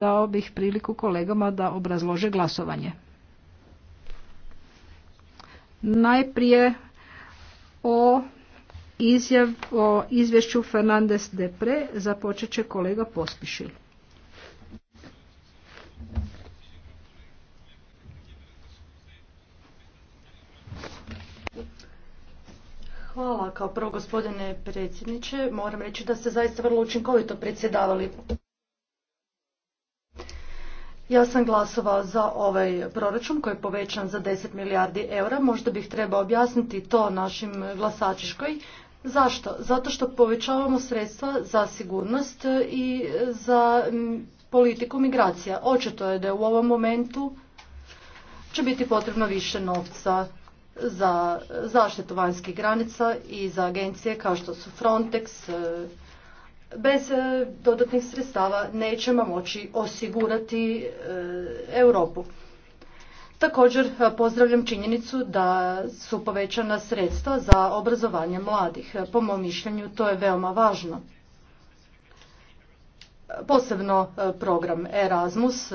dao bih priliku kolegama da obrazlože glasovanje. Najprije o, izjav, o izvješću Fernandez Depre započet će kolega Pospišil. Hvala kao prvo gospodine predsjedniče. Moram reći da ste zaista vrlo učinkovito predsjedavali. Ja sam glasovao za ovaj proračun koji je povećan za 10 milijardi eura. Možda bih trebao objasniti to našim glasačiškoj. Zašto? Zato što povećavamo sredstva za sigurnost i za politiku migracija. Očito je da je u ovom momentu će biti potrebno više novca za zaštitu vanjskih granica i za agencije kao što su Frontex, bez e, dodatnih sredstava nećemo moći osigurati e, Europu. Također e, pozdravljam činjenicu da su povećana sredstva za obrazovanje mladih. Po mom mišljenju to je veoma važno. Posebno program Erasmus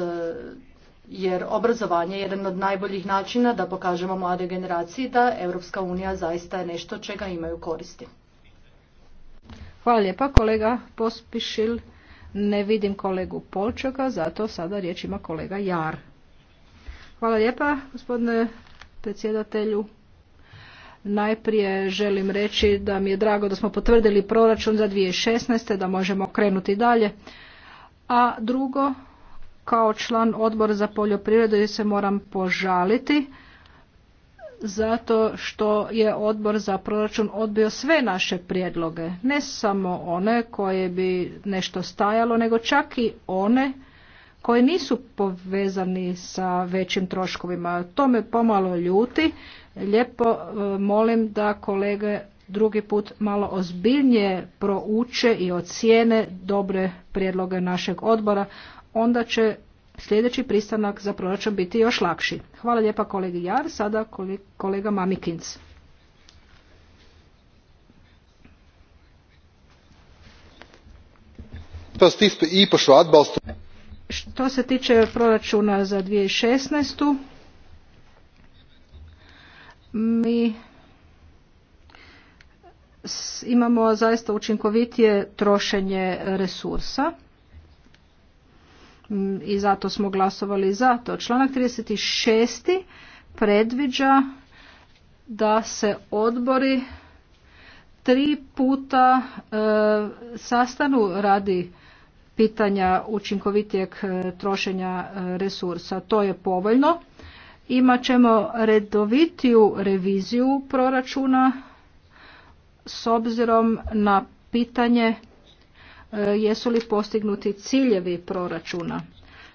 jer obrazovanje je jedan od najboljih načina da pokažemo mlade generaciji da Europska unija zaista je nešto čega imaju koristi. Hvala lijepa kolega Pospišil. Ne vidim kolegu Polčaka, zato sada riječ ima kolega Jar. Hvala lijepa gospodine predsjedatelju. Najprije želim reći da mi je drago da smo potvrdili proračun za 2016. da možemo krenuti dalje. A drugo, kao član odbora za poljoprivredu se moram požaliti zato što je odbor za proračun odbio sve naše prijedloge, ne samo one koje bi nešto stajalo, nego čak i one koji nisu povezani sa većim troškovima. To me pomalo ljuti. Lijepo e, molim da kolege drugi put malo ozbiljnije prouče i ocijene dobre prijedloge našeg odbora. Onda će sljedeći pristanak za proračun biti još lakši. Hvala lijepa kolegi Jar, sada kolega Mamikins. Što se tiče proračuna za 2016. mi imamo zaista učinkovitije trošenje resursa i zato smo glasovali za to. Članak 36. predviđa da se odbori tri puta e, sastanu radi pitanja učinkovitijeg e, trošenja e, resursa. To je povoljno. Imat ćemo redovitiju reviziju proračuna s obzirom na pitanje E, jesu li postignuti ciljevi proračuna.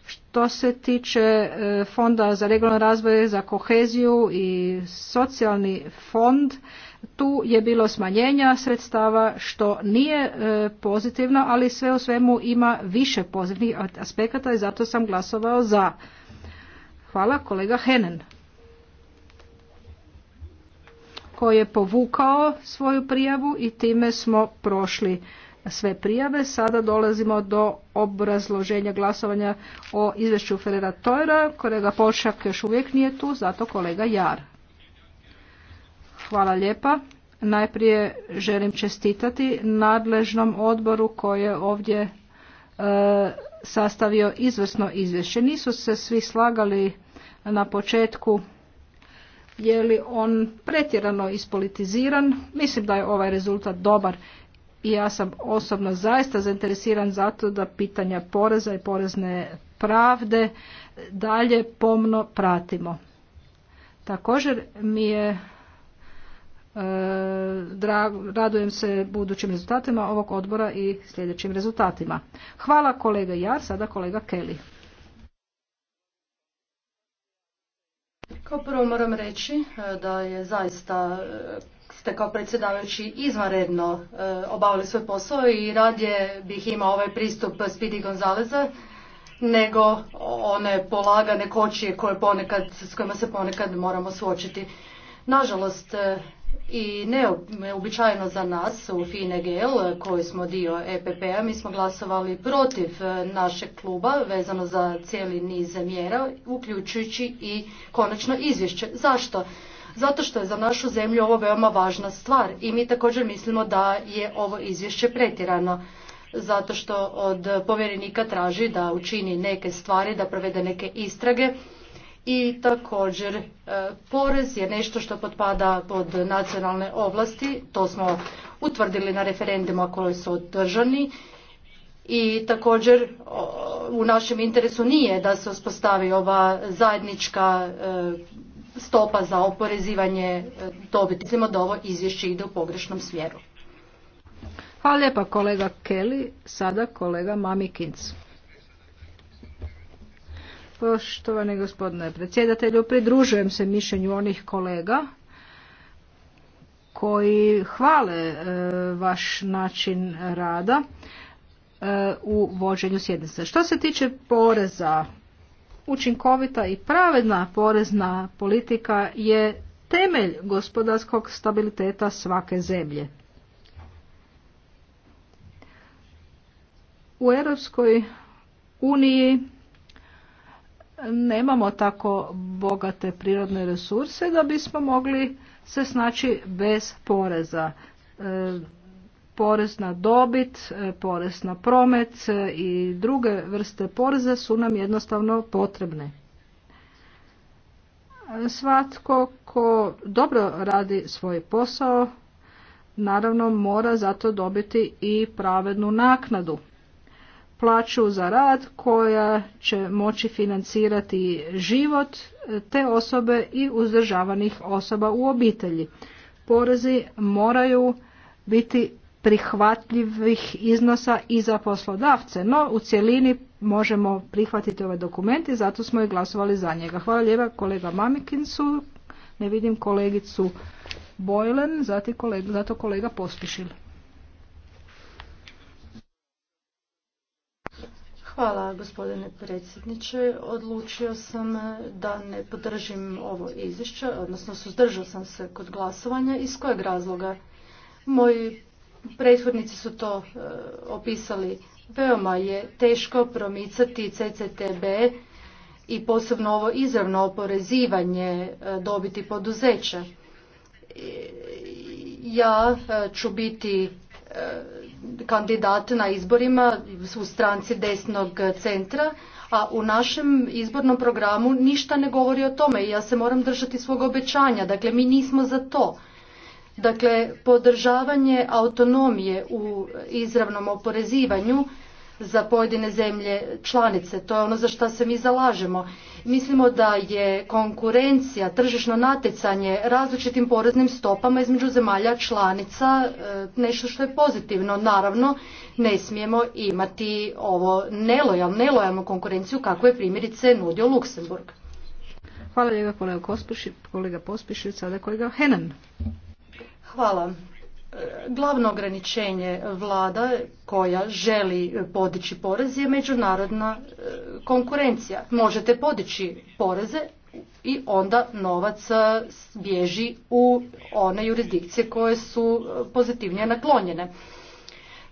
Što se tiče e, fonda za regionalno razvoj, za koheziju i socijalni fond, tu je bilo smanjenja sredstava što nije e, pozitivno, ali sve u svemu ima više pozitivnih aspekata i zato sam glasovao za. Hvala kolega Henen koji je povukao svoju prijavu i time smo prošli sve prijave. Sada dolazimo do obrazloženja glasovanja o izvješću Ferreira Tojera Kolega Polšak još uvijek nije tu, zato kolega Jar. Hvala lijepa. Najprije želim čestitati nadležnom odboru koji je ovdje e, sastavio izvrsno izvješće. Nisu se svi slagali na početku je li on pretjerano ispolitiziran. Mislim da je ovaj rezultat dobar i ja sam osobno zaista zainteresiran zato da pitanja poreza i porezne pravde dalje pomno pratimo. Također mi je e, radujem se budućim rezultatima ovog odbora i sljedećim rezultatima. Hvala kolega Jar, sada kolega Kelly. Kao prvo moram reći e, da je zaista e, ste kao predsjedavajući izvanredno e, obavili svoj posao i radije bih imao ovaj pristup Spidi Gonzaleza nego one polagane kočije koje ponekad, s kojima se ponekad moramo suočiti. Nažalost, i neobičajno za nas u FINA-Gel koji smo dio EPP-a, mi smo glasovali protiv e, našeg kluba vezano za cijeli niz mjera, uključujući i konačno izvješće. Zašto? Zato što je za našu zemlju ovo veoma važna stvar i mi također mislimo da je ovo izvješće pretjerano zato što od povjerenika traži da učini neke stvari, da provede neke istrage i također e, porez je nešto što potpada pod nacionalne ovlasti, to smo utvrdili na referendima koji su održani i također u našem interesu nije da se uspostavi ova zajednička e, stopa za oporezivanje e, dobiti. Mislimo da ovo izvješće ide u pogrešnom smjeru. Hvala lijepa kolega Kelly, sada kolega Mamikins. Poštovani gospodine predsjedatelju, pridružujem se mišljenju onih kolega koji hvale e, vaš način rada e, u vođenju sjednice. Što se tiče poreza, učinkovita i pravedna porezna politika je temelj gospodarskog stabiliteta svake zemlje. U Europskoj uniji nemamo tako bogate prirodne resurse da bismo mogli se snaći bez poreza. E, porez na dobit, e, porez na promet e, i druge vrste poreza su nam jednostavno potrebne. Svatko ko dobro radi svoj posao, naravno mora zato dobiti i pravednu naknadu plaću za rad koja će moći financirati život e, te osobe i uzdržavanih osoba u obitelji. Porezi moraju biti prihvatljivih iznosa i za poslodavce, no u cjelini možemo prihvatiti ovaj dokument i zato smo i glasovali za njega. Hvala lijepa kolega Mamikinsu, ne vidim kolegicu Bojlen, zato kolega, zato Hvala gospodine predsjedniče. Odlučio sam eh, da ne podržim ovo izvješće, odnosno suzdržao sam se kod glasovanja. Iz kojeg razloga? Moji prethodnici su to eh, opisali. Veoma je teško promicati CCTB i posebno ovo izravno oporezivanje eh, dobiti poduzeća. ja ću biti kandidat na izborima u stranci desnog centra, a u našem izbornom programu ništa ne govori o tome i ja se moram držati svog obećanja. Dakle, mi nismo za to. Dakle, podržavanje autonomije u izravnom oporezivanju za pojedine zemlje članice. To je ono za što se mi zalažemo. Mislimo da je konkurencija, tržišno natjecanje različitim poreznim stopama između zemalja članica e, nešto što je pozitivno. Naravno, ne smijemo imati ovo nelojal, nelojalnu konkurenciju kako je primjerice nudio Luksemburg. Hvala lijepa kolega Pospišić, sada kolega Henan. Hvala. Glavno ograničenje vlada koja želi podići porez je međunarodna e, konkurencija. Možete podići poreze i onda novac e, bježi u one jurisdikcije koje su e, pozitivnije naklonjene.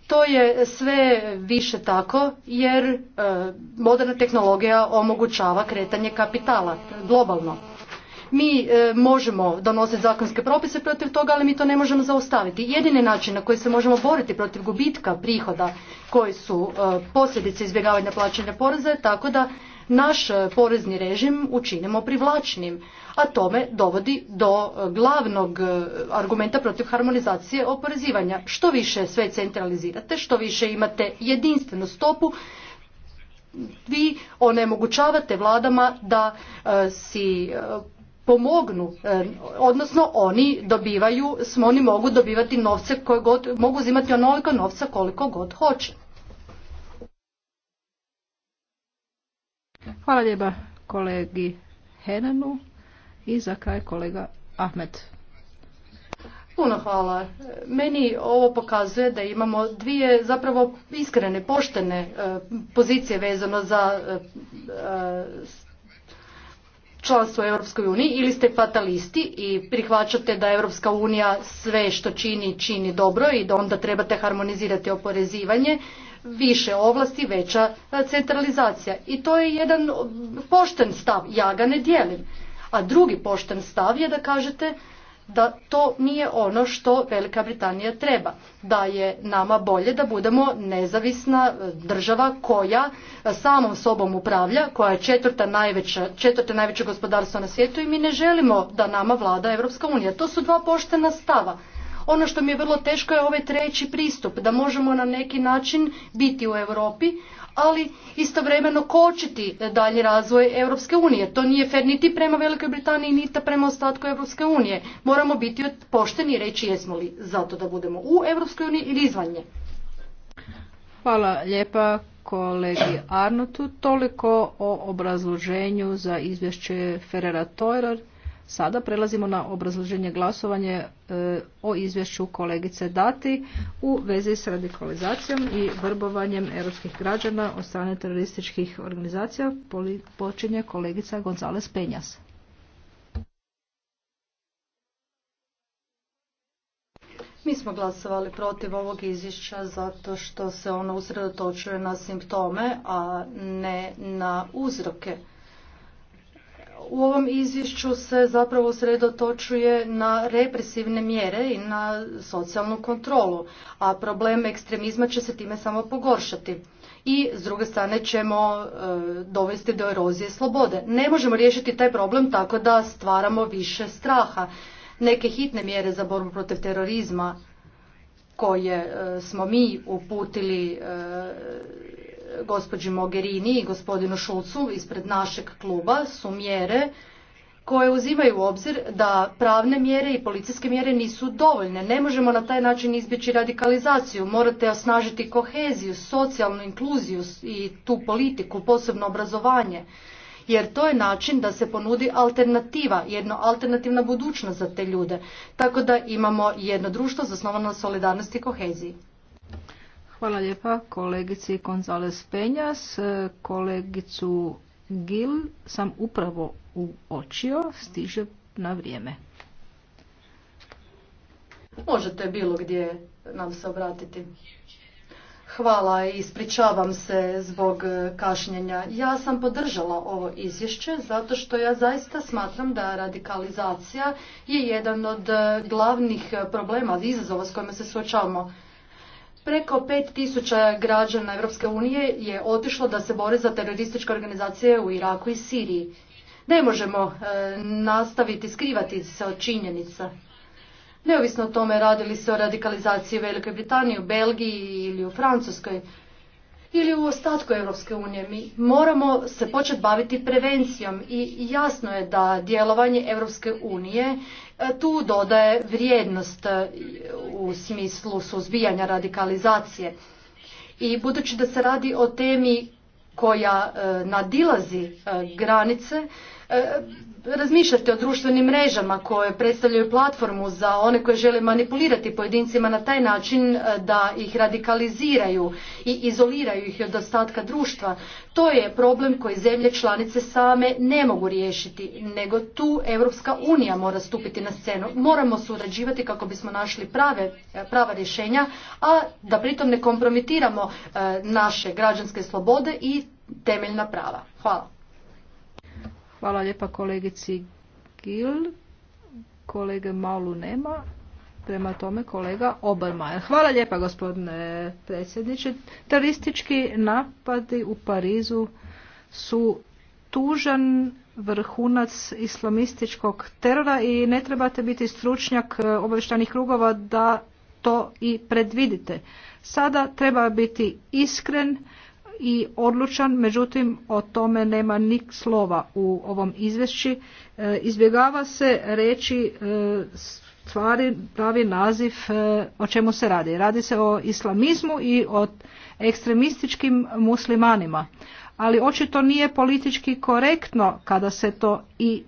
To je sve više tako jer moderna tehnologija omogućava kretanje kapitala globalno. Mi e, možemo donositi zakonske propise protiv toga, ali mi to ne možemo zaustaviti. Jedini način na koji se možemo boriti protiv gubitka prihoda koji su e, posljedice izbjegavanja plaćanja poreza je tako da naš e, porezni režim učinimo privlačnim, a tome dovodi do glavnog argumenta protiv harmonizacije oporezivanja. Što više sve centralizirate, što više imate jedinstvenu stopu, vi onemogućavate vladama da si pomognu, e, odnosno oni dobivaju, oni mogu dobivati novce koje god, mogu uzimati onoliko novca koliko god hoće. Hvala lijepa kolegi Henanu i za kraj kolega Ahmed. Puno hvala. Meni ovo pokazuje da imamo dvije zapravo iskrene, poštene e, pozicije vezano za e, članstvo u Europskoj uniji ili ste fatalisti i prihvaćate da Europska unija sve što čini, čini dobro i da onda trebate harmonizirati oporezivanje, više ovlasti, veća e, centralizacija. I to je jedan pošten stav, ja ga ne dijelim. A drugi pošten stav je da kažete da to nije ono što Velika Britanija treba. Da je nama bolje da budemo nezavisna e, država koja e, samom sobom upravlja, koja je četvrta najveća, četvrte najveće gospodarstvo na svijetu i mi ne želimo da nama vlada Evropska unija. To su dva poštena stava. Ono što mi je vrlo teško je ovaj treći pristup, da možemo na neki način biti u Europi, ali istovremeno kočiti dalji razvoj Europske unije. To nije fer niti prema Velikoj Britaniji, niti prema ostatku Europske unije. Moramo biti pošteni i reći jesmo li zato da budemo u Europskoj uniji ili izvan nje. Hvala lijepa kolegi Arnotu. Toliko o obrazloženju za izvješće Ferrera Sada prelazimo na obrazloženje glasovanje e, o izvješću kolegice Dati u vezi s radikalizacijom i vrbovanjem europskih građana od strane terorističkih organizacija. Počinje kolegica Gonzales Penjas. Mi smo glasovali protiv ovog izvješća zato što se ono usredotočuje na simptome, a ne na uzroke u ovom izvješću se zapravo sredotočuje na represivne mjere i na socijalnu kontrolu, a problem ekstremizma će se time samo pogoršati. I s druge strane ćemo e, dovesti do erozije slobode. Ne možemo riješiti taj problem tako da stvaramo više straha. Neke hitne mjere za borbu protiv terorizma koje e, smo mi uputili e, gospođi Mogherini i gospodinu Šulcu ispred našeg kluba su mjere koje uzimaju u obzir da pravne mjere i policijske mjere nisu dovoljne. Ne možemo na taj način izbjeći radikalizaciju. Morate osnažiti koheziju, socijalnu inkluziju i tu politiku, posebno obrazovanje. Jer to je način da se ponudi alternativa, jedno alternativna budućnost za te ljude. Tako da imamo jedno društvo zasnovano na solidarnosti i koheziji. Hvala lijepa kolegici Gonzales Penjas. Kolegicu Gil sam upravo uočio, stiže na vrijeme. Možete bilo gdje nam se obratiti. Hvala i ispričavam se zbog kašnjenja. Ja sam podržala ovo izvješće zato što ja zaista smatram da radikalizacija je jedan od glavnih problema, izazova s kojima se suočavamo preko 5000 građana Europske unije je otišlo da se bore za terorističke organizacije u Iraku i Siriji. Ne možemo e, nastaviti skrivati se od činjenica. Neovisno o tome radili se o radikalizaciji u Velikoj Britaniji, u Belgiji ili u Francuskoj ili u ostatku Europske unije. Mi moramo se početi baviti prevencijom i jasno je da djelovanje Europske unije e, tu dodaje vrijednost e, u smislu suzbijanja radikalizacije. I budući da se radi o temi koja e, nadilazi granice, razmišljate o društvenim mrežama koje predstavljaju platformu za one koji žele manipulirati pojedincima na taj način e, da ih radikaliziraju i izoliraju ih od ostatka društva. To je problem koji zemlje članice same ne mogu riješiti, nego tu Europska unija mora stupiti na scenu. Moramo surađivati kako bismo našli e, prava rješenja, a da pritom ne kompromitiramo e, naše građanske slobode i temeljna prava. Hvala. Hvala lijepa kolegici Gil. Kolege Malu nema. Prema tome kolega Obermajer. Hvala lijepa gospodine predsjedniče. Teroristički napadi u Parizu su tužan vrhunac islamističkog terora i ne trebate biti stručnjak obavještajnih krugova da to i predvidite. Sada treba biti iskren i odlučan, međutim o tome nema nik slova u ovom izvješći. E, izbjegava se reći e, stvari, pravi naziv e, o čemu se radi. Radi se o islamizmu i o ekstremističkim muslimanima. Ali očito nije politički korektno kada se to i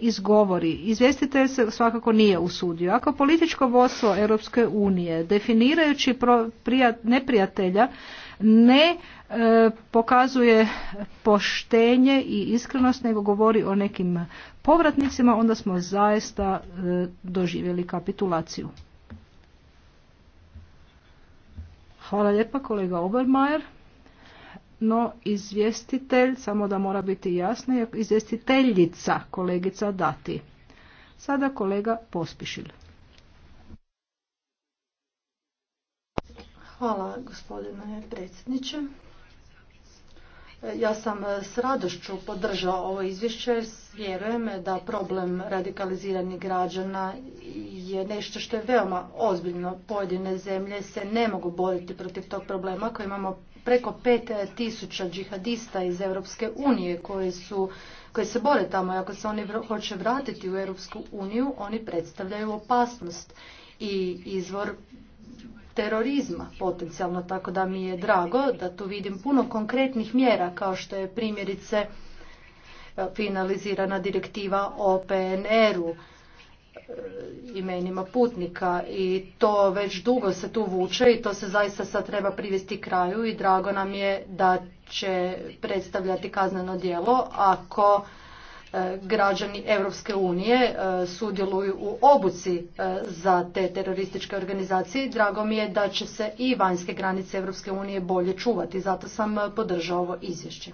izgovori. Izvjestitelj se svakako nije usudio. Ako političko vodstvo Europske unije definirajući neprijatelja ne E, pokazuje poštenje i iskrenost nego govori o nekim povratnicima onda smo zaista e, doživjeli kapitulaciju. Hvala lijepa kolega Obermajer. No, izvjestitelj, samo da mora biti jasno, je izvjestiteljica kolegica Dati. Sada kolega Pospišil. Hvala gospodine predsjedniče. Ja sam e, s radošću podržao ovo izvješće. Vjerujem da problem radikaliziranih građana je nešto što je veoma ozbiljno. Pojedine zemlje se ne mogu boriti protiv tog problema koji imamo preko tisuća džihadista iz Europske unije koji su koji se bore tamo. i Ako se oni hoće vratiti u Europsku uniju, oni predstavljaju opasnost i izvor terorizma potencijalno, tako da mi je drago da tu vidim puno konkretnih mjera kao što je primjerice e, finalizirana direktiva o PNR-u e, imenima putnika i to već dugo se tu vuče i to se zaista sad treba privesti kraju i drago nam je da će predstavljati kazneno djelo ako E, građani Europske unije e, sudjeluju u obuci e, za te terorističke organizacije. Drago mi je da će se i vanjske granice Europske unije bolje čuvati. Zato sam podržao ovo izvješće.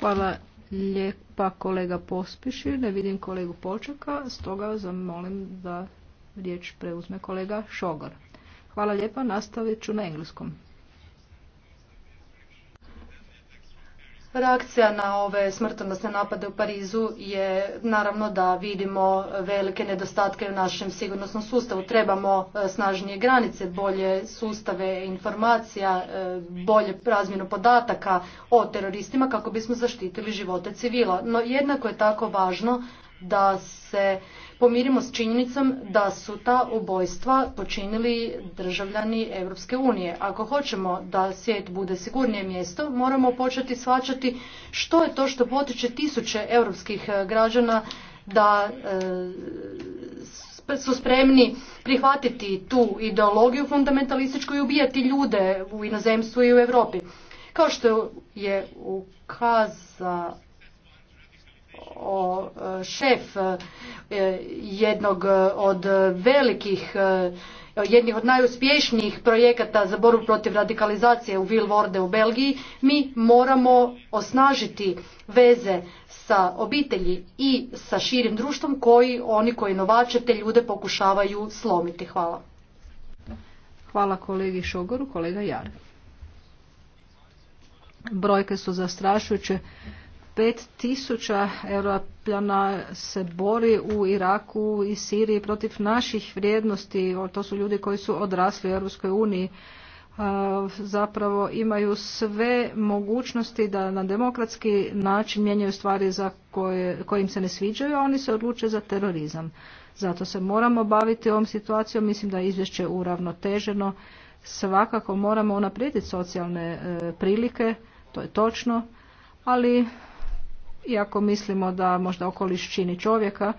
Hvala lijepa kolega Pospiši. Ne vidim kolegu Počeka, stoga zamolim da riječ preuzme kolega Šogor. Hvala lijepa, nastavit ću na engleskom. Reakcija na ove smrtonosne napade u Parizu je naravno da vidimo velike nedostatke u našem sigurnosnom sustavu. Trebamo e, snažnije granice, bolje sustave informacija, e, bolje razmjenu podataka o teroristima kako bismo zaštitili živote civila. No jednako je tako važno da se pomirimo s činjenicom da su ta ubojstva počinili državljani Europske unije. Ako hoćemo da svijet bude sigurnije mjesto, moramo početi svačati što je to što potiče tisuće europskih eh, građana da eh, su spremni prihvatiti tu ideologiju fundamentalističku i ubijati ljude u inozemstvu i u Europi. Kao što je ukazao o šef e, jednog od velikih e, jednih od najuspješnijih projekata za borbu protiv radikalizacije u Vilvorde u Belgiji, mi moramo osnažiti veze sa obitelji i sa širim društvom koji oni koji novače te ljude pokušavaju slomiti. Hvala. Hvala kolegi Šogoru, kolega Jar. Brojke su zastrašujuće tisuća europljana se bori u Iraku i Siriji protiv naših vrijednosti. To su ljudi koji su odrasli u Europskoj uniji. E, zapravo imaju sve mogućnosti da na demokratski način mijenjaju stvari za koje, kojim se ne sviđaju, a oni se odluče za terorizam. Zato se moramo baviti ovom situacijom. Mislim da je izvješće uravnoteženo. Svakako moramo unaprijediti socijalne e, prilike, to je točno ali iako mislimo da možda okoliš čini čovjeka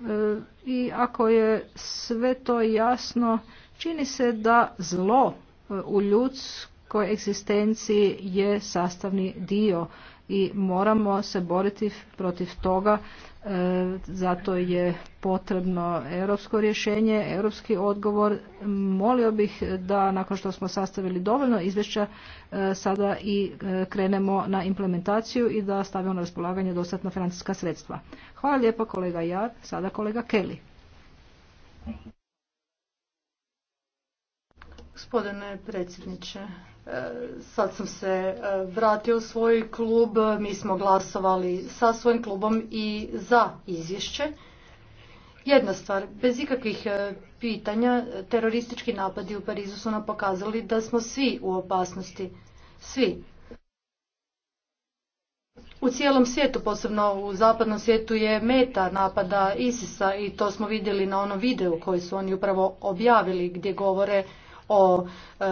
e, i ako je sve to jasno čini se da zlo e, u ljudskom koegzistenciji je sastavni dio i moramo se boriti protiv toga e, zato je potrebno europsko rješenje, europski odgovor. Molio bih da nakon što smo sastavili dovoljno izvješća e, sada i e, krenemo na implementaciju i da stavimo na raspolaganje dostatna financijska sredstva. Hvala lijepa kolega Jar, sada kolega Kelly. Gospodine predsjedniče, Sad sam se e, vratio u svoj klub, mi smo glasovali sa svojim klubom i za izvješće. Jedna stvar, bez ikakvih e, pitanja, teroristički napadi u Parizu su nam pokazali da smo svi u opasnosti. Svi. U cijelom svijetu, posebno u zapadnom svijetu, je meta napada ISIS-a i to smo vidjeli na onom videu koji su oni upravo objavili gdje govore o e,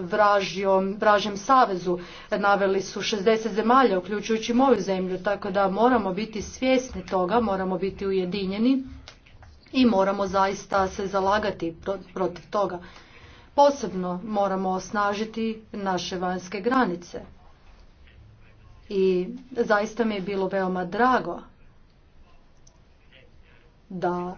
vražjom, vražjem savezu. Naveli su 60 zemalja, uključujući moju zemlju, tako da moramo biti svjesni toga, moramo biti ujedinjeni i moramo zaista se zalagati protiv toga. Posebno moramo osnažiti naše vanjske granice. I zaista mi je bilo veoma drago da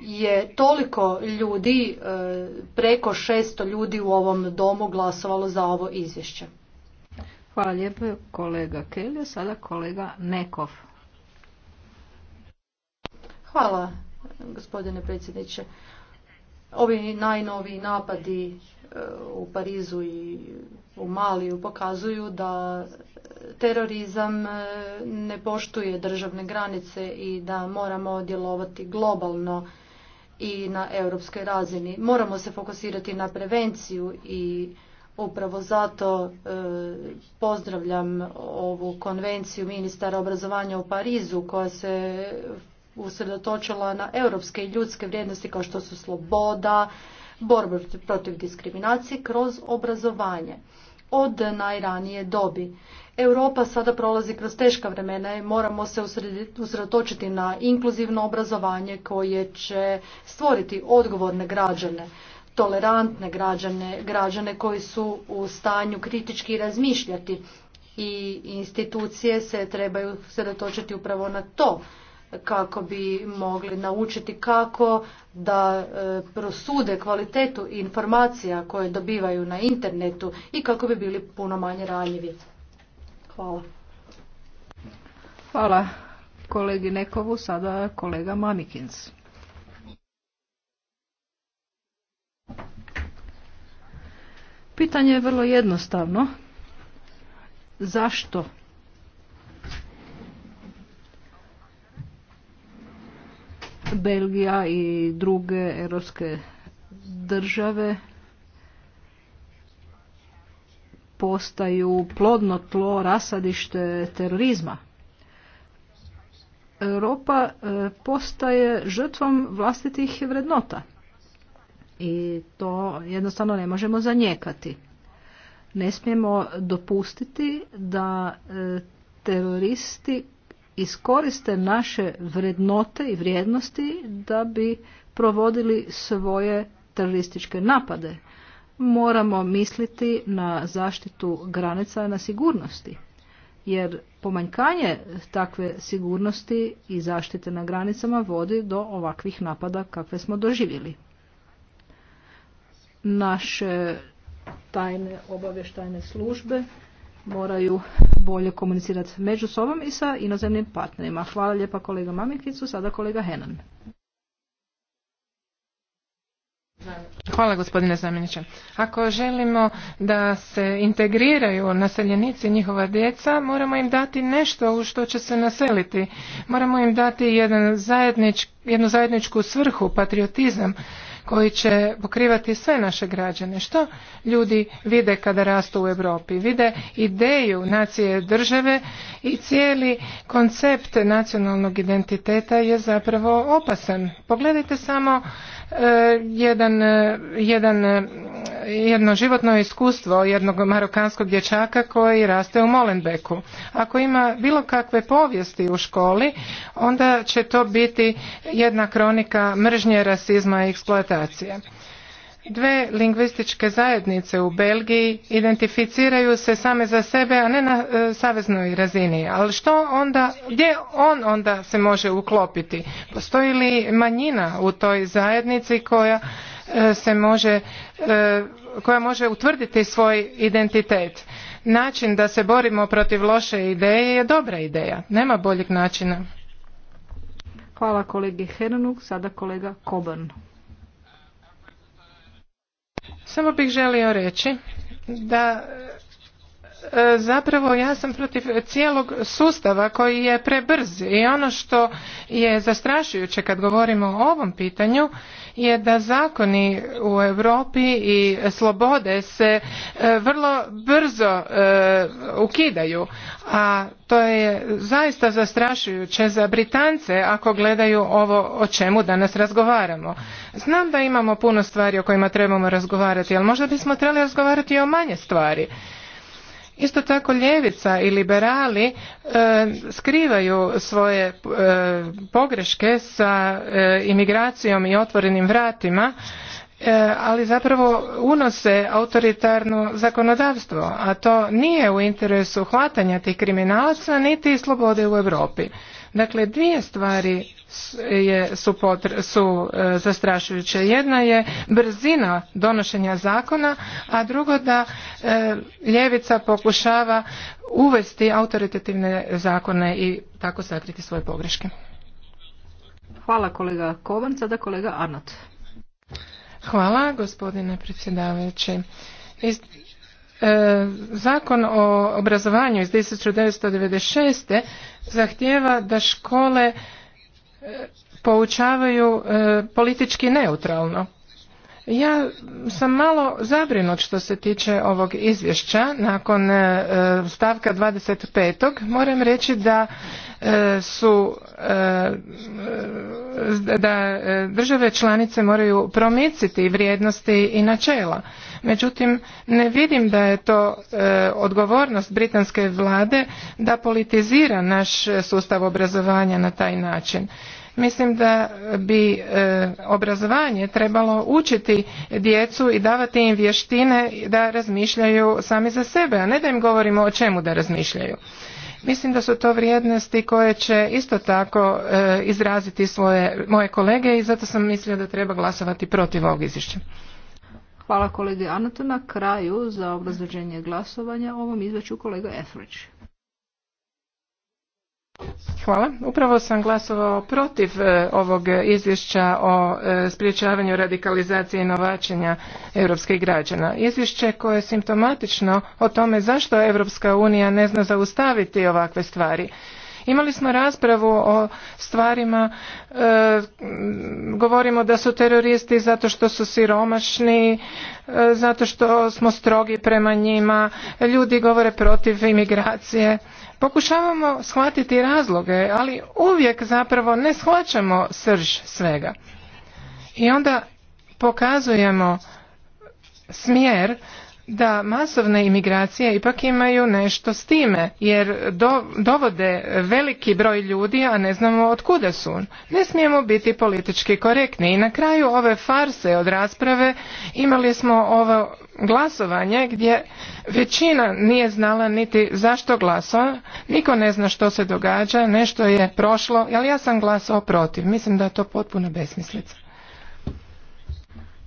je toliko ljudi, e, preko 600 ljudi u ovom domu glasovalo za ovo izvješće. Hvala lijepo kolega Kelly, sada kolega Nekov. Hvala gospodine predsjedniče. Ovi najnoviji napadi e, u Parizu i u Maliju pokazuju da terorizam e, ne poštuje državne granice i da moramo djelovati globalno i na europskoj razini. Moramo se fokusirati na prevenciju i upravo zato e, pozdravljam ovu konvenciju ministara obrazovanja u Parizu koja se usredotočila na europske i ljudske vrijednosti kao što su sloboda, borba protiv diskriminacije kroz obrazovanje od najranije dobi. Europa sada prolazi kroz teška vremena i moramo se usredotočiti na inkluzivno obrazovanje koje će stvoriti odgovorne građane, tolerantne građane, građane koji su u stanju kritički razmišljati i institucije se trebaju usredotočiti upravo na to kako bi mogli naučiti kako da e, prosude kvalitetu informacija koje dobivaju na internetu i kako bi bili puno manje ranjivi. Hvala. Hvala kolegi Nekovu, sada kolega Manikins. Pitanje je vrlo jednostavno. Zašto Belgija i druge europske države postaju plodno tlo rasadište terorizma. Europa e, postaje žrtvom vlastitih vrednota i to jednostavno ne možemo zanijekati. Ne smijemo dopustiti da e, teroristi iskoriste naše vrednote i vrijednosti da bi provodili svoje terorističke napade. Moramo misliti na zaštitu granica na sigurnosti, jer pomanjkanje takve sigurnosti i zaštite na granicama vodi do ovakvih napada kakve smo doživjeli. Naše tajne obavještajne službe moraju bolje komunicirati među sobom i sa inozemnim partnerima. Hvala lijepa kolega Mamikicu, sada kolega Henan. Hvala gospodine zamjeniče. Ako želimo da se integriraju naseljenici i njihova djeca, moramo im dati nešto u što će se naseliti. Moramo im dati jedan jednu zajedničku svrhu, patriotizam koji će pokrivati sve naše građane. Što ljudi vide kada rastu u Europi? Vide ideju nacije države i cijeli koncept nacionalnog identiteta je zapravo opasan. Pogledajte samo Eh, jedan, eh, jedan, eh, jedno životno iskustvo jednog marokanskog dječaka koji raste u Molenbeku. Ako ima bilo kakve povijesti u školi, onda će to biti jedna kronika mržnje, rasizma i eksploatacije. Dve lingvističke zajednice u Belgiji identificiraju se same za sebe, a ne na e, saveznoj razini. Ali što onda, gdje on onda se može uklopiti? Postoji li manjina u toj zajednici koja e, se može, e, koja može utvrditi svoj identitet? Način da se borimo protiv loše ideje je dobra ideja. Nema boljeg načina. Hvala kolegi Hernuk, sada kolega Koban. Samo bih želio reći da E, zapravo ja sam protiv cijelog sustava koji je prebrz i ono što je zastrašujuće kad govorimo o ovom pitanju je da zakoni u Europi i slobode se e, vrlo brzo e, ukidaju a to je zaista zastrašujuće za Britance ako gledaju ovo o čemu danas razgovaramo znam da imamo puno stvari o kojima trebamo razgovarati ali možda bismo trebali razgovarati i o manje stvari Isto tako ljevica i liberali e, skrivaju svoje e, pogreške sa e, imigracijom i otvorenim vratima, ali zapravo unose autoritarno zakonodavstvo, a to nije u interesu hvatanja tih kriminalaca niti slobode u Europi. Dakle, dvije stvari je, su, su e, zastrašujuće. Jedna je brzina donošenja zakona, a drugo da e, ljevica pokušava uvesti autoritativne zakone i tako sakriti svoje pogreške. Hvala kolega Kovan, sada kolega Arnat. Hvala gospodine predsjedavajući. E, zakon o obrazovanju iz 1996. zahtjeva da škole poučavaju e, politički neutralno ja sam malo zabrinut što se tiče ovog izvješća nakon e, stavka 25. moram reći da e, su e, da države članice moraju promiciti vrijednosti i načela međutim ne vidim da je to odgovornost britanske vlade da politizira naš sustav obrazovanja na taj način Mislim da bi e, obrazovanje trebalo učiti djecu i davati im vještine da razmišljaju sami za sebe, a ne da im govorimo o čemu da razmišljaju. Mislim da su to vrijednosti koje će isto tako e, izraziti svoje moje kolege i zato sam mislio da treba glasovati protiv ovog izvješća. Hvala kolegi Anatona. Na kraju za obrazloženje glasovanja ovom izveću kolega Etheridge. Hvala. Upravo sam glasovao protiv e, ovog izvješća o e, sprječavanju radikalizacije i novačenja europskih građana. Izvješće koje je simptomatično o tome zašto Europska unija ne zna zaustaviti ovakve stvari. Imali smo raspravu o stvarima, e, govorimo da su teroristi zato što su siromašni, e, zato što smo strogi prema njima, ljudi govore protiv imigracije. Pokušavamo shvatiti razloge, ali uvijek zapravo ne shvaćamo srž svega. I onda pokazujemo smjer da masovne imigracije ipak imaju nešto s time jer dovode veliki broj ljudi a ne znamo od kuda su ne smijemo biti politički korektni i na kraju ove farse od rasprave imali smo ovo glasovanje gdje većina nije znala niti zašto glasa niko ne zna što se događa nešto je prošlo ali ja sam glasao protiv mislim da je to potpuno besmislica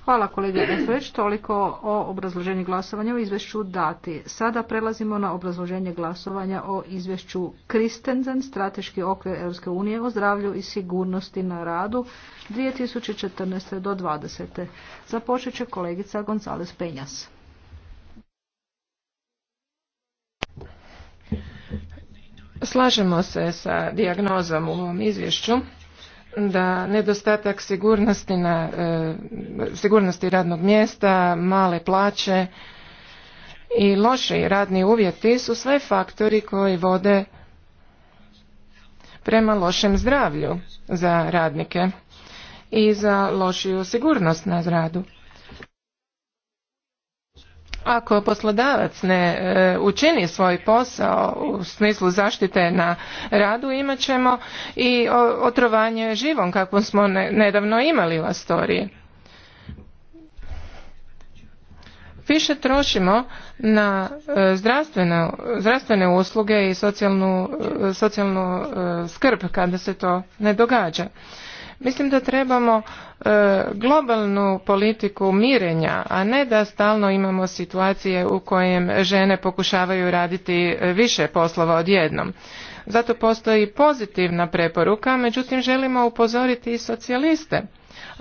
Hvala kolega Efeć, toliko o obrazloženju glasovanja o izvješću dati. Sada prelazimo na obrazloženje glasovanja o izvješću Kristensen, strateški okvir Europske unije o zdravlju i sigurnosti na radu 2014. do 2020. Započet će kolegica Gonzales Penjas. Slažemo se sa dijagnozom u ovom izvješću da nedostatak sigurnosti, na, e, sigurnosti radnog mjesta, male plaće i loši radni uvjeti su sve faktori koji vode prema lošem zdravlju za radnike i za lošiju sigurnost na zradu. Ako poslodavac ne e, učini svoj posao u smislu zaštite na radu, imat ćemo i otrovanje živom kakvom smo nedavno imali u Astoriji. više trošimo na e, zdravstvene, zdravstvene usluge i socijalnu, e, socijalnu skrb kada se to ne događa. Mislim da trebamo e, globalnu politiku mirenja, a ne da stalno imamo situacije u kojem žene pokušavaju raditi e, više poslova odjednom. Zato postoji pozitivna preporuka, međutim želimo upozoriti i socijaliste.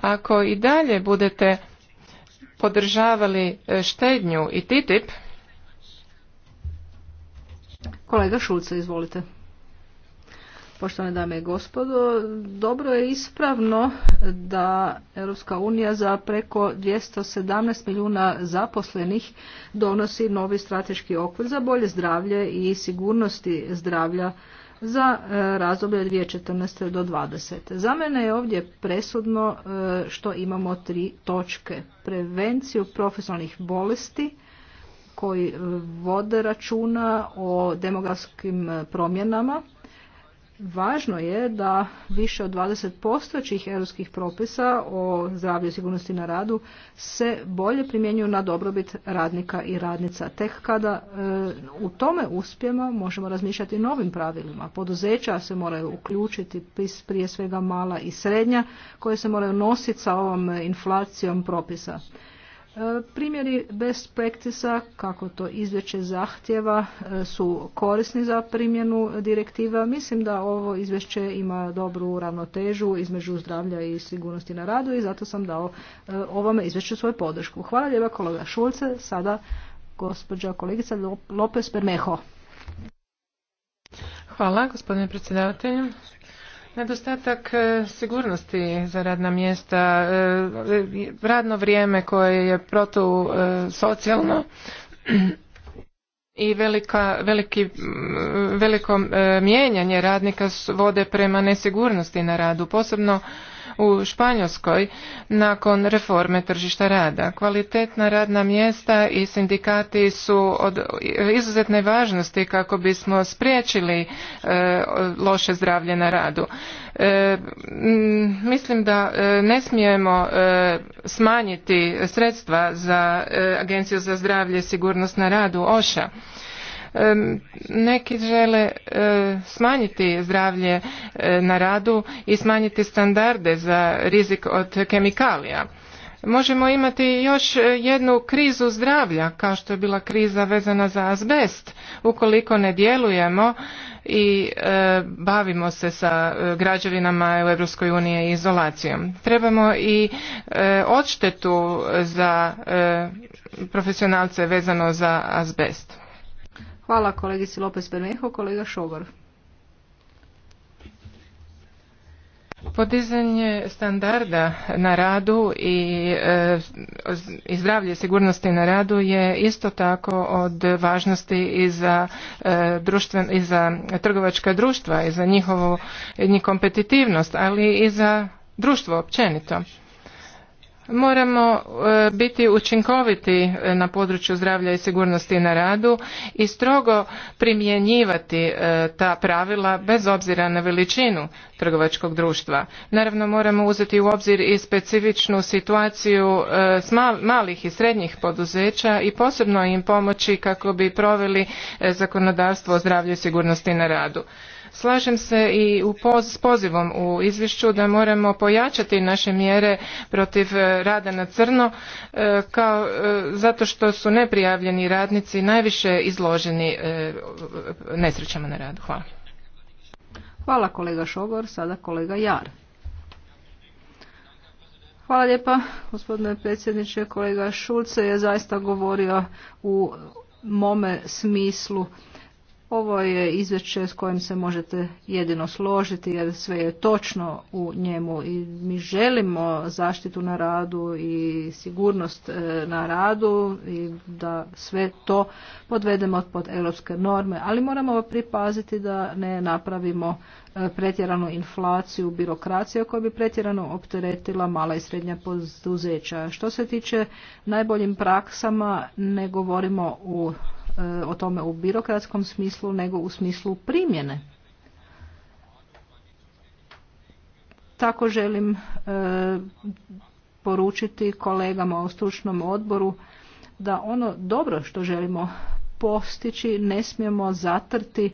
Ako i dalje budete podržavali e, štednju i TTIP... Kolega Šulca, izvolite. Poštovane dame i gospodo, dobro je ispravno da Europska unija za preko 217 milijuna zaposlenih donosi novi strateški okvir za bolje zdravlje i sigurnosti zdravlja za e, razdoblje 2014. do 2020. Za mene je ovdje presudno e, što imamo tri točke. Prevenciju profesionalnih bolesti, koji vode računa o demografskim promjenama Važno je da više od 20 postojećih europskih propisa o zdravlju i sigurnosti na radu se bolje primjenjuju na dobrobit radnika i radnica. Tek kada e, u tome uspijemo možemo razmišljati novim pravilima. Poduzeća se moraju uključiti prije svega mala i srednja koje se moraju nositi sa ovom inflacijom propisa. Primjeri best practice kako to izvješće zahtjeva, e, su korisni za primjenu direktiva. Mislim da ovo izvješće ima dobru ravnotežu između zdravlja i sigurnosti na radu i zato sam dao e, ovome izvješću svoju podršku. Hvala lijepa kolega Šulce, sada gospođa kolegica Lopez permeho Hvala gospodine predsjedavatelju. Nedostatak e, sigurnosti za radna mjesta, e, radno vrijeme koje je protu e, socijalno i velika, veliki, veliko mijenjanje radnika vode prema nesigurnosti na radu, posebno u Španjolskoj nakon reforme tržišta rada. Kvalitetna radna mjesta i sindikati su od izuzetne važnosti kako bismo spriječili e, loše zdravlje na radu. E, mislim da e, ne smijemo smanjiti sredstva za Agenciju za zdravlje i sigurnost na radu OŠA neki žele e, smanjiti zdravlje e, na radu i smanjiti standarde za rizik od kemikalija. Možemo imati još e, jednu krizu zdravlja, kao što je bila kriza vezana za azbest. Ukoliko ne djelujemo i bavimo se sa građevinama u Europskoj uniji i izolacijom. Trebamo i e, odštetu za profesionalce vezano za azbest. Hvala kolegici Lopez Bermeho, kolega Šogor. Podizanje standarda na radu i, e, zdravlje sigurnosti na radu je isto tako od važnosti i za, e, društven, i za trgovačka društva i za njihovu kompetitivnost, ali i za društvo općenito. Moramo e, biti učinkoviti e, na području zdravlja i sigurnosti na radu i strogo primjenjivati e, ta pravila bez obzira na veličinu trgovačkog društva. Naravno moramo uzeti u obzir i specifičnu situaciju malih i srednjih poduzeća i posebno im pomoći kako bi proveli zakonodavstvo o zdravlju i sigurnosti na radu. Slažem se i u s pozivom u izvješću da moramo pojačati naše mjere protiv e, rada na crno e, kao, e, zato što su neprijavljeni radnici najviše izloženi nesrećama na radu. Hvala. Hvala kolega Šogor, sada kolega Jar. Hvala lijepa, gospodine predsjedniče. Kolega Šulce je zaista govorio u mome smislu ovo je izvješće s kojim se možete jedino složiti jer sve je točno u njemu i mi želimo zaštitu na radu i sigurnost e, na radu i da sve to podvedemo pod europske norme, ali moramo pripaziti da ne napravimo e, pretjeranu inflaciju birokracije koja bi pretjerano opteretila mala i srednja poduzeća. Što se tiče najboljim praksama, ne govorimo u o tome u birokratskom smislu nego u smislu primjene. Tako želim e, poručiti kolegama u stručnom odboru da ono dobro što želimo postići ne smijemo zatrti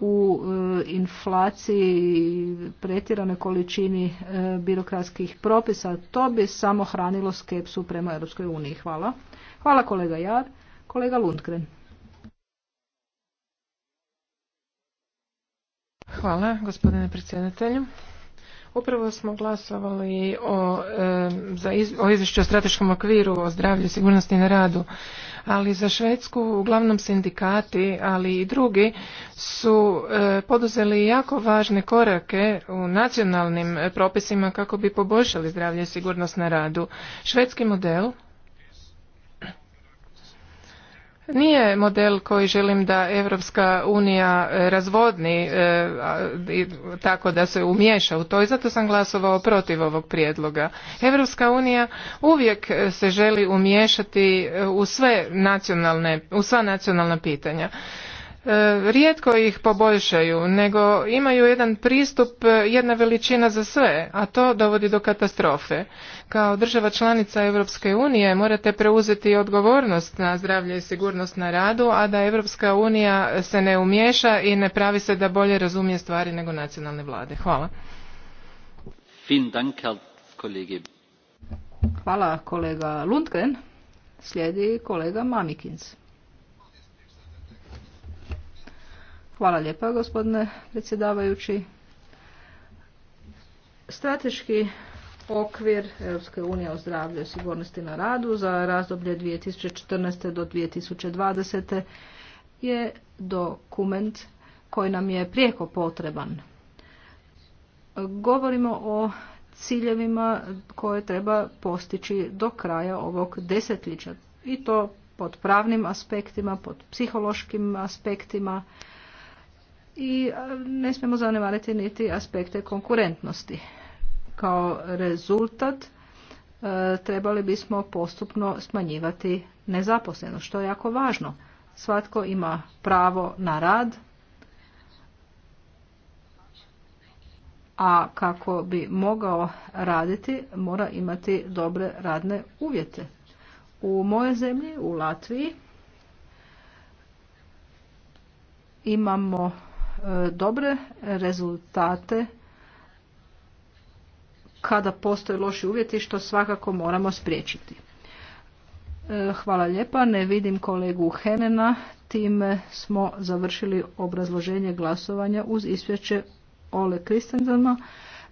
u e, inflaciji pretjeranoj količini e, birokratskih propisa. To bi samo hranilo skepsu prema Europskoj uniji. Hvala. Hvala kolega Jar. Kolega Lundgren. Hvala gospodine predsjedatelju. Upravo smo glasovali o, o izvješću o strateškom okviru o zdravlju i sigurnosti na radu, ali za Švedsku uglavnom sindikati, ali i drugi su e, poduzeli jako važne korake u nacionalnim propisima kako bi poboljšali zdravlje i sigurnost na radu. Švedski model nije model koji želim da Evropska unija e, razvodni e, tako da se umiješa u to i zato sam glasovao protiv ovog prijedloga. Evropska unija uvijek e, se želi umiješati u sve nacionalne, u sva nacionalna pitanja. E, rijetko ih poboljšaju, nego imaju jedan pristup e, jedna veličina za sve, a to dovodi do katastrofe. Kao država članica Europske unije morate preuzeti odgovornost na zdravlje i sigurnost na radu, a da Europska unija se ne umješa i ne pravi se da bolje razumije stvari nego nacionalne vlade. Hvala. Hvala kolega Lundgren. Slijedi kolega Mamikins. Hvala lijepa gospodine predsjedavajući. Strateški okvir Europske unije o zdravlju i sigurnosti na radu za razdoblje 2014. do 2020. je dokument koji nam je prijeko potreban. Govorimo o ciljevima koje treba postići do kraja ovog desetljeća i to pod pravnim aspektima, pod psihološkim aspektima, i e, ne smijemo zanemariti niti aspekte konkurentnosti. Kao rezultat e, trebali bismo postupno smanjivati nezaposlenost, što je jako važno. Svatko ima pravo na rad, a kako bi mogao raditi mora imati dobre radne uvjete. U mojoj zemlji, u Latviji, imamo E, dobre rezultate kada postoje loši uvjeti što svakako moramo spriječiti. E, hvala lijepa, ne vidim kolegu Henena, time smo završili obrazloženje glasovanja uz izvješće Ole Kristenzama.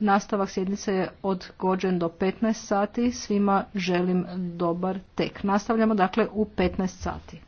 Nastavak sjednice je odgođen do 15 sati, svima želim dobar tek. Nastavljamo dakle u 15 sati.